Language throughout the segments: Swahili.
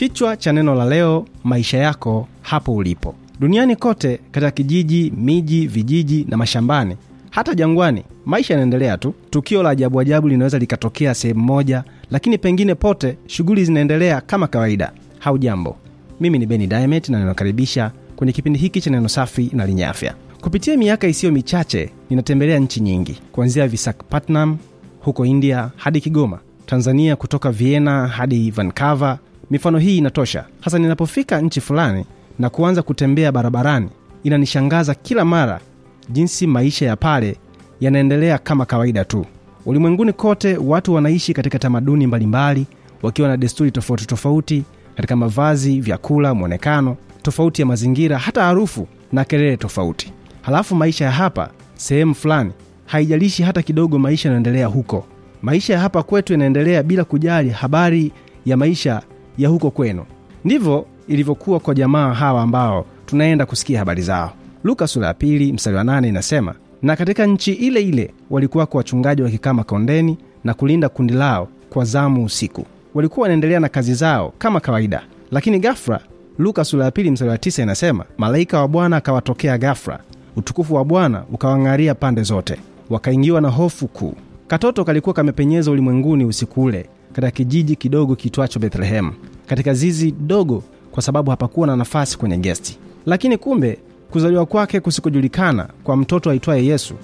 Kichwa cha neno la leo: maisha yako hapo ulipo. Duniani kote, katika kijiji, miji, vijiji na mashambani, hata jangwani, maisha yanaendelea tu. Tukio la ajabu ajabu linaweza likatokea sehemu moja, lakini pengine pote shughuli zinaendelea kama kawaida. Haujambo, mimi ni Beni Dimet na ninakaribisha kwenye kipindi hiki cha neno safi na lenye afya. Kupitia miaka isiyo michache, ninatembelea nchi nyingi, kuanzia Visakhapatnam huko India hadi Kigoma Tanzania, kutoka Vienna hadi Vancouver Mifano hii inatosha. Hasa ninapofika nchi fulani na kuanza kutembea barabarani, inanishangaza kila mara jinsi maisha ya pale yanaendelea kama kawaida tu. Ulimwenguni kote watu wanaishi katika tamaduni mbalimbali, wakiwa na desturi tofauti tofauti katika mavazi, vyakula, mwonekano tofauti ya mazingira, hata harufu na kelele tofauti. Halafu maisha ya hapa sehemu fulani haijalishi hata kidogo maisha yanaendelea huko. Maisha ya hapa kwetu yanaendelea bila kujali habari ya maisha ya huko kwenu. Ndivyo ilivyokuwa kwa jamaa hawa ambao tunaenda kusikia habari zao. Luka sura ya pili mstari wa nane inasema, na katika nchi ile ile kwa wachungaji wakikaa makondeni na kulinda kundi lao kwa zamu usiku. Walikuwa wanaendelea na kazi zao kama kawaida, lakini ghafla, Luka sura ya pili mstari wa tisa inasema, malaika wa Bwana akawatokea ghafla, utukufu wa Bwana ukawang'aria pande zote, wakaingiwa na hofu kuu. Katoto kalikuwa kamepenyeza ulimwenguni usiku ule katika kijiji kidogo kiitwacho Bethlehemu, katika zizi dogo kwa sababu hapakuwa na nafasi kwenye gesti. Lakini kumbe kuzaliwa kwake kusikojulikana kwa mtoto aitwaye Yesu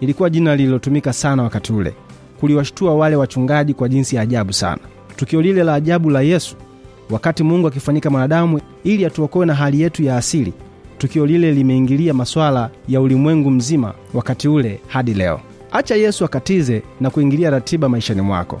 ilikuwa jina lililotumika sana wakati ule, kuliwashtua wale wachungaji kwa jinsi ya ajabu sana. Tukio lile la ajabu la Yesu, wakati Mungu akifanyika mwanadamu ili atuokoe na hali yetu ya asili, tukio lile limeingilia masuala ya ulimwengu mzima wakati ule hadi leo. Acha Yesu akatize na kuingilia ratiba maishani mwako.